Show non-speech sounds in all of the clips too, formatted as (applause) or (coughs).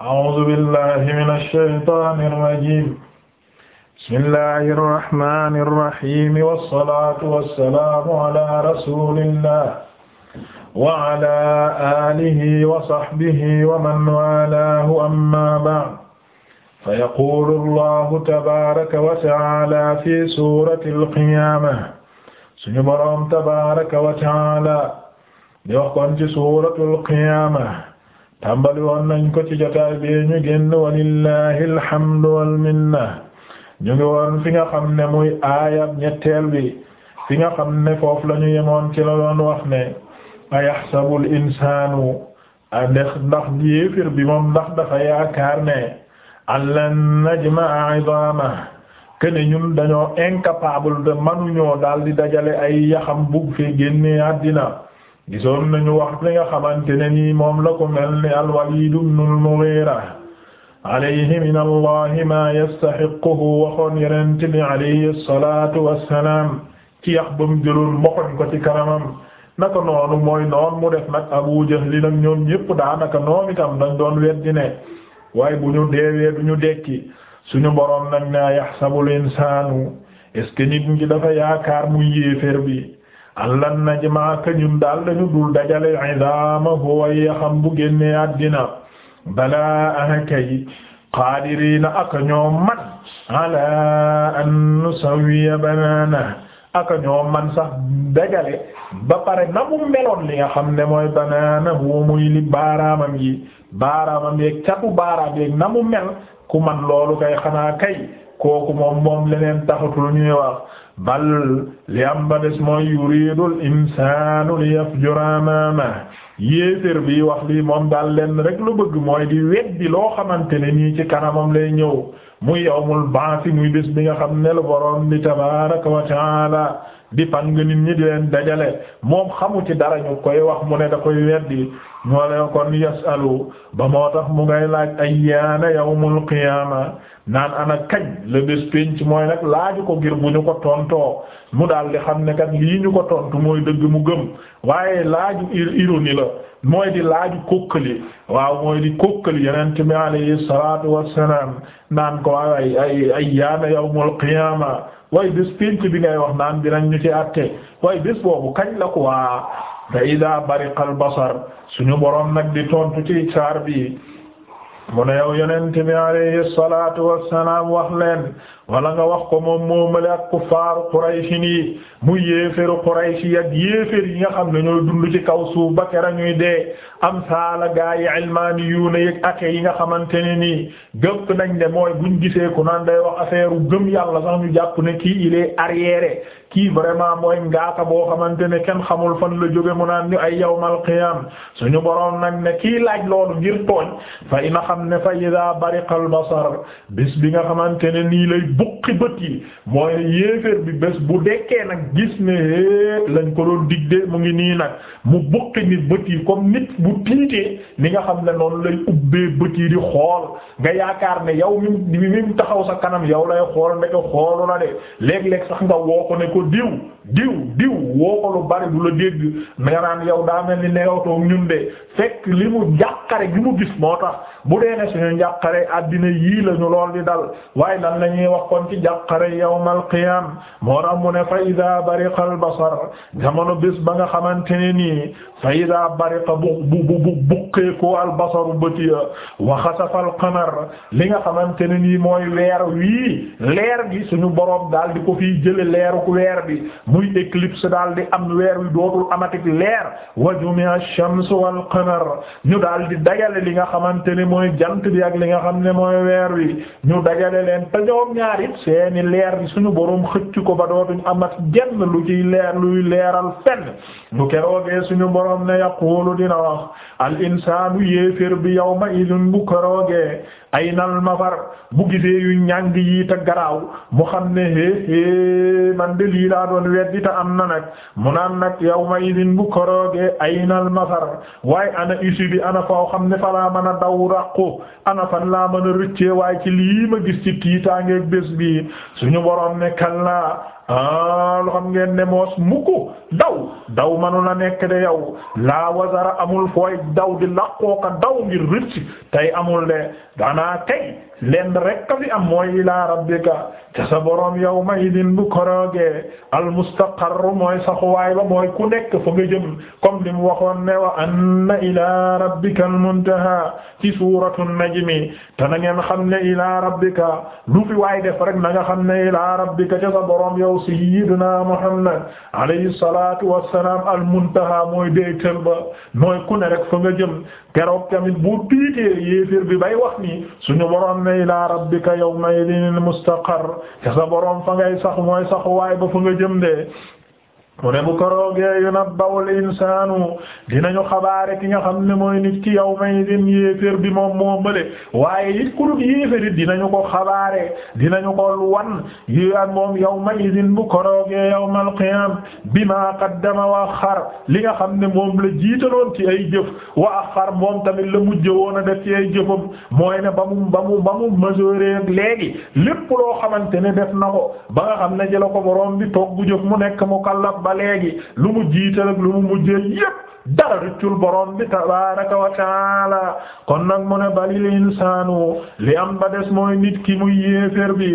a'uuzu billahi mina shaytaani rajiim bismillahi rahmaani rahiim wassalaatu wassalaamu alaa rasuulillah wa alaa aalihi wa sahbihi wa man waalaahu ammaa ba'd fa yaquulu allahu tabaaraka wa ta'aala fi suuratil qiyaama suñu boroom tabaaraka wa ta'aala di wax kon ci suuratul qiyaama tàmbali woon nañ ko ci jotaay bi ñu génn walillahi alhamdu wal minna ñu ngi woon fi nga xam ne muy aayab ñetteel bi fi nga xam ne foofu la yemoon ci la doon wax ne ayaxsabul insaanu ah, ndex ndax yéefir bi moom ndax dafa yaakaar ne allan najma'a idama kene ñun dañoo incapable manuñoo daal di dajale ay yaxam bugg fi génnee àddina gisoon nañu wax li xamante ne nii moom la ko mel ni al-Walid ibn al-Mughira alayhi min allahi maa yastaxiquhu waxoon yenente bi alayhi wassalaam ci yax bam jëloon ko ci kanamam naka noonu mooy noon mu def nag Abu Jahl nag ñoom ñépp daanaka noom itam dañ doon weddi ne waaye bu ñu deewee du ñu dekki suñu boroom nag naa yaxsabul insaanu est ce que nit ñi dafa yaakaar muy bi allan najmaa ka ñun daal dañu dul dajale idaamahu ay yaxam bu génnee àddina balaa ahakay qaadiriina aka ñoo man ala an nusawiya banaana aka ñoo man sax dajale ba pare na mu meloon li nga xam ne mooy banaana wu muy li yi baaraamam yeeg catu baaraam yeeg na mu mel ku man loolu kay xanaa kay kooku moom moom leneen taxatul ñuy wax bal li am ba des mooy yuridul insaanu li yafjura amaamahu yéefér bi wax lii moom daal lenn rek lu bëgg mooy di weddi loo xamante ne nii ci kanamam lay ñëw muy yawmul baasi muy bés bi nga xam ne la boroom bi tabaaraka wa taala di pang nit ñi di leen dajale moom xamu ci dara ñu koy wax mu ne da koy weddi ñoo leen kon yasalu ba moo tax mu ngay laaj ayyaana yawmul qiyaama naan ana kañ le bés mooy nag laaju ko ngir bu ñu ko tontoo mu daal di xam ne kat lii ñu ko tontu mooy dëgg mu gëm waaye laaju ironie la mooy di laaju kokkali waaw mooy di kokkali yeneen bi alayhi salaatu wassalaam naan ko ay ay ay yaana yawmul qiyaama waaye bés bi ngay wax naan dinañ ñu ci àtte waaye bés boobu kañ la ko waa fa idaa bariqal basar suñu borom nag di tontu ci saar bi mu ne yow yonent bi alayhi salaatu wassalaam wax leen wala nga wax ko moom moomale ak kuffaaru Quraysin yi mu yéeféru Quraysh yi ak yéefér yi nga xam ne ñooy dund ci kaw suuf ba kera ñuy dee am saala gaa yi ilmaani yu ne yëg ake yi nga xamante ne nii gëpp nañ ne mooy buñ gisee ku naan day wax affaire u gëm yàlla sax ñu jàpp ne kii il est kii vraiment mooy ngaaka boo xamante ne kenn xamul fan la jóge mu naan ñu ay yawmal qiyaam suñu boroom nag ne kii laaj loolu ngir tooñ fa ina xam ne fa idaa bariqal basar bis bi nga xamante ne nii lay buqi bët yi mooy yéeféer bi bés bu dekkee nag gis ne lañ ko doon dig de mu ngi nii nag mu buqi ni bët yi comme nit bu tiitee ni nga xam ne noonu lay ubbee bët yi di xool nga yaakaar ne yow mi mi taxaw sa kanam yow lay xool ndeke xoolu na de léeg-léeg sax nga woo ko ne ko diw diw diw woo ko lu bari du la dégg nga naan yow daa mel ni neewatoog ñun de fekk li mu njàqare gi mu gis moo tax bu dee ne suñu njàqare àddina yii lañu lool di dal wax kon ci jàqare yawmal qiyaam moo tax mu ne fa idaa bariqa al basar jamono bés ba nga xamante ne nii fa idaa bariqa bu bu bu bukkee ko al basaru bëtiya wa xasafa al qamar li nga xamante ne nii mooy weer wii leer gi suñu boroom daal di ko fiy jële leeruk weer bi muy éclipse daal di am weer wi dootul amatik leer wa jumi'a ash-shamsu wal qamar ñu daal di dajale li nga xamante ne mooy jant bi ak li nga xam ne mooy weer wi ñu dajale leen te ñoom ñaar ñaar it seeni leer suñu boroom xëcc ko ba dootuñ amat genn lu ciy leer luy leeral fenn lu keroogee suñu boroom ne yaqulu dina wax al insaanu yéefér bi yawma idin bu keroogee ay nal mafar bu gisee ñàng yi te garaaw mu xam ne héehée man de lii laa doon am na nag mu naan nag yawma keroogee ay nal mafar waaye ana ussi bi ana faw xam ne falaa mën a daw ràqu ana fan laa mën a rëccee waaye ci lii ma gis ci tiitaangeek bés bi suñu borom ne kallaa ah loo xam ngeen ne moos mukku daw daw manu la nekk de yow laa wazara amul fooy daw di laqoo ka daw ngir rëcc amul de danaa tey lenn rek fi am mooy ilaa rabbika ca sa boroom yawma idin bu korogee almustaqarru mooy saxuwaay ba mooy ku nekk fa nga jëm comme li mu waxoon ne wa anna ilaa rabbika almuntaha ci suuratu najmi te na ngeen xam ne ilaa rabbika lu fi waay def rek na nga xam ne ilaa rabbika ca sa boroom yow ndaw sayyidina Muhammad alayhi salaatu wassalaam al-muntaha mooy deytal ba mooy ku ne rek fa nga jëm keroog tamit bu tiitee yéefir bi bay wax nii suñu boroom ne ilaa rabbika yawma idin mustaqar te sa boroom fa ngay sax mooy sax waay ba fa nga jëm de mu ne bu ko roogee yunabbaul insaanu dinañu xabaare ki nga xam ne mooy nit ki yawma idin yéeféer bi moom moo bële waaye it ku dul yéeféer dinañu ko xabaare dinañu ko wan yi ak moom yawma idin bu ko roogee yawmal qiyaam bima qaddama wa axar li nga xam ne moom la jiitaloon ci ay jëf wa axar moom tamit la mujj woon a def ci ay jëfam mooy ne ba mu ba mu ba mu mesuré ak lépp loo xamante ne def na ko ba nga xam ne jëla ko borom bi toog bu ba léegi lu mu jiite rek lu mu mujjee yépp dara rëccul borom bi tabaaraka wa taala kon nag mu ne balil insaanu li am ba des mooy nit ki mu yéefér bi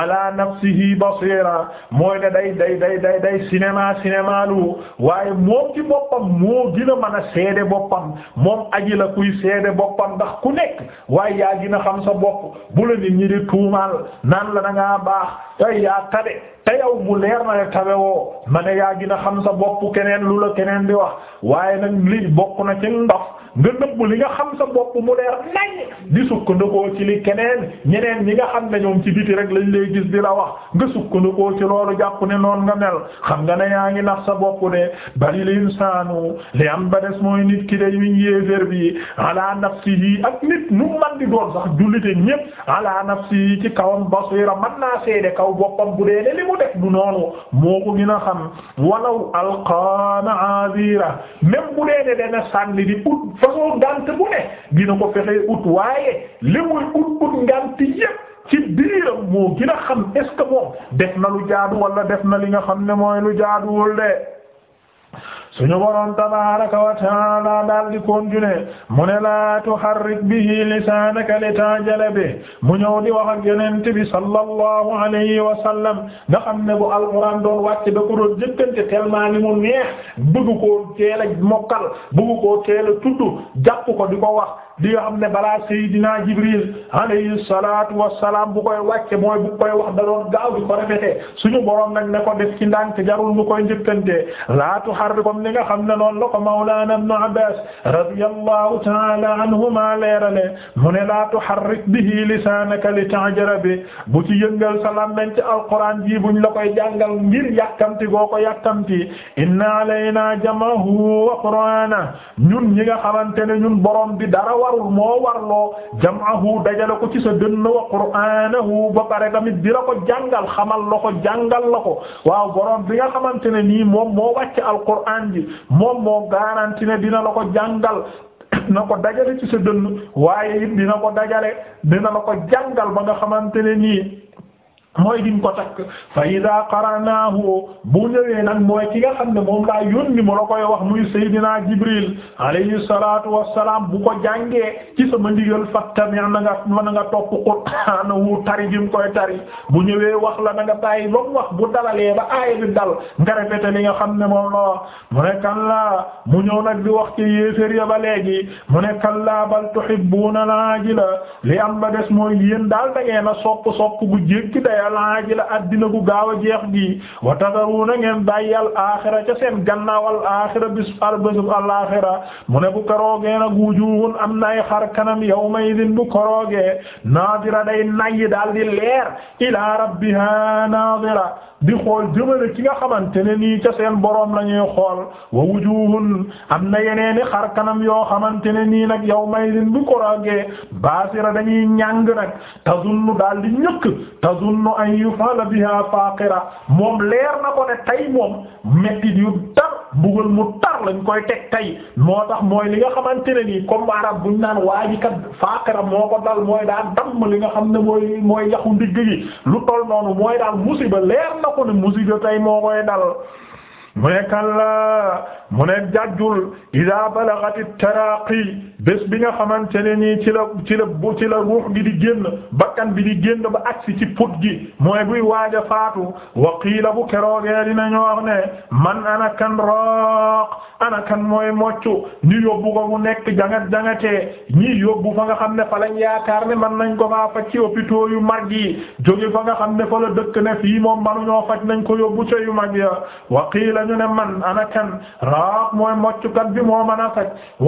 ala nafsihi basira mooy ne day day day day day cinéma cinéma lu waaye moom ci boppam moo gën a mën a seede boppam moom aji la kuy seede boppam ndax ku nekk waaye yaa gën a xam bopp bu la nit ñi tuumaal naan la da baax ay yaa tade te yow bu leer na ne tabe woo ma ne yaa gën a xam sa bopp keneen lu la keneen di wax waaye nag li bokk na ci ndox nga nëbb li nga xam sa bopp mu leer nañ di sukkandikoo ci li keneen ñeneen ñi nga xam ne ñoom ci biti rek lañ lay gis di la wax nga sukkandikoo ci loolu jàpp ne noon nga mel xam nga ne yaa ngi nax sa bopp de balil insaanu li am ba des mooy nit ki day wiñ yéefér bi ala nafsihi ak nit nu man di doon sax jullite ñépp ala nafsihi ci kawam basira man naa seede kaw boppam bu dee ne li mu def du noonu moo ko gën a xam walaw alqaana azira même bu façon ngànt bu ne dina ko fexee ut waaye li muy ut ut ngànt yépp ci biiram moo gën xam est ce def na lu jaadu wala def na li nga xam ne mooy lu jaaduwul de suñu boroom tabaaraka wa ta'aala daal di continuer mu ne laa tuharrik bihi lisaanaka litajala bi mu ñëw di wax ak yonent bi sallallahu alayhi wa sallam nga xam ne bu alxuraan doon wàcc da ko doon jëkkante tellement ni mu neex bëgg koo teel a mokkal bëgg koo teel a tudd ko di ko wax di nga ne balaa Seydina Jibril alayhi salaatu wassalaam bu koy wàcce mooy bu koy wax da doon gaaw di ko répété suñu borom nag ne ci ndànk jarul mu koy njëkkante la tuharrik comme ni nga xam ne noonu la ko Mawlana Ibn Abbas radiyallahu ta'ala anhuma leerale mu ne la tuharrik bihi lisaanaka li ta'jala bi bu ci yëngal sa làmmiñ ci alquran ji buñ la koy jàngal ngir yàkkamti goo ko yàkkamti inna alayna jam'ahu wa qur'ana ñun ñi nga xamante ne ñun borom bi dara warul moo warloo jam'ahu dajale ko ci sa dënn wa qur'aanahu ba pare tamit di la ko jàngal xamal la ko jàngal la ko waaw borom bi nga xamante ne nii moom moo wàcc alqur'aan ji moom moo garanti ne dina la ko jàngal dina (coughs) ko dajale ci sa dënn waaye it dina ko dajale dina la ko jàngal nga xamante nii mooy diñ ko takk fa ida qara'naahu bu ñëwee nag mooy ki nga xam ne moom laa yónni mu la koy wax muy Seydina Jibril alayhi salaatu salaam bu ko jàngee ci sama ndigal fattami' na nga na nga topp qur'aanahu tari bi mu koy tari bu ñëwee wax la nanga nga bàyyi lomu wax bu dalalee ba aaya bi dal nga répété li nga xam ne moom la wax mu ne kallaa mu ñëw nag di wax ci yéefér ya ba léegi mu ne kallaa bal tuhibbuuna al-aajila li am ba des mooy yéen daal da a sopp sopp gu jéggi al la addina gu gaaw a jeex gi wa tadaruuna ngeen bàyyi al-aaxira ca seen gannaaw al-aaxira bis arbasub al-aaxira mu ne bu koroogee nag wujuhun am na ay xar kanam yawma idin bu koroogee naadira day nayi daal di leer ilaa rabbiha naadira di xool jëmale ki nga xamante ne nii ca seen boroom la ñuy xool wa wujuhun am na yeneeni xar kanam yoo xamante ne nii nag yawma idin bu koroogee baasira dañuy ñàng nag tazunnu daal di ñëkk tazunnu yadhunnu an yufala biha faqira moom leer na ko ne tey moom mettit yu tar mbugal mu tar lañ koy teg tey moo tax mooy li nga xamante ne nii comme arab buñ naan waa ji kat faqira moo ko dal mooy daal damm li nga xam ne mooy mooy yaxu di gi lu tol noonu mooy daal musiba leer na ko ne musiba tey moo koy dal mu ne kallaa mu ne jàjjul idaa balagati bés bi nga xamante ne nii ci la ci la bu ci la ruux gi di génn bakkan bi di génn ba agsi ci put gi mooy buy waaj a faatu wa qiila bu keroogee dina ñu wax ne man ana kan raaq ana mooy moccu ñu yóbbu ko mu nekk jangat jangatee ñii yóbbu fa nga xam ne fa lañ yaakaar ne man nañ ko faa faj ci hôpitaux yu mag yi jóge fa nga xam ne fa dëkk ne fii moom manuñoo faj nañ ko yóbbu ca yu mag ya wa qiila ñu ne man ana kan raaq mooy moccukat bi moo mën a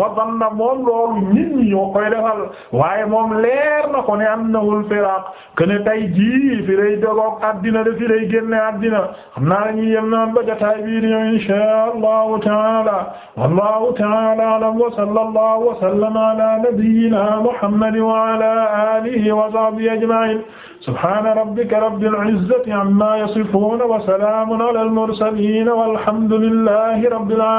wa danna moom loolu loolu nit ñi ñoo koy defal waaye moom leer na ko ne annahul firaq que ne tey jii fi lay dogoog addina de fi lay génne addina xam naa la ñuy yem naan ba jotaay bii di inshaa allahu taala wallahu taala alam wa sallallahu wa sallama ala nabiyyina muhammad wa ala alihi wa sahbihi ajma'in subhana rabbika rabbil izzati amma yasifun wa salamun ala al mursalin walhamdulillahi rabbil alamin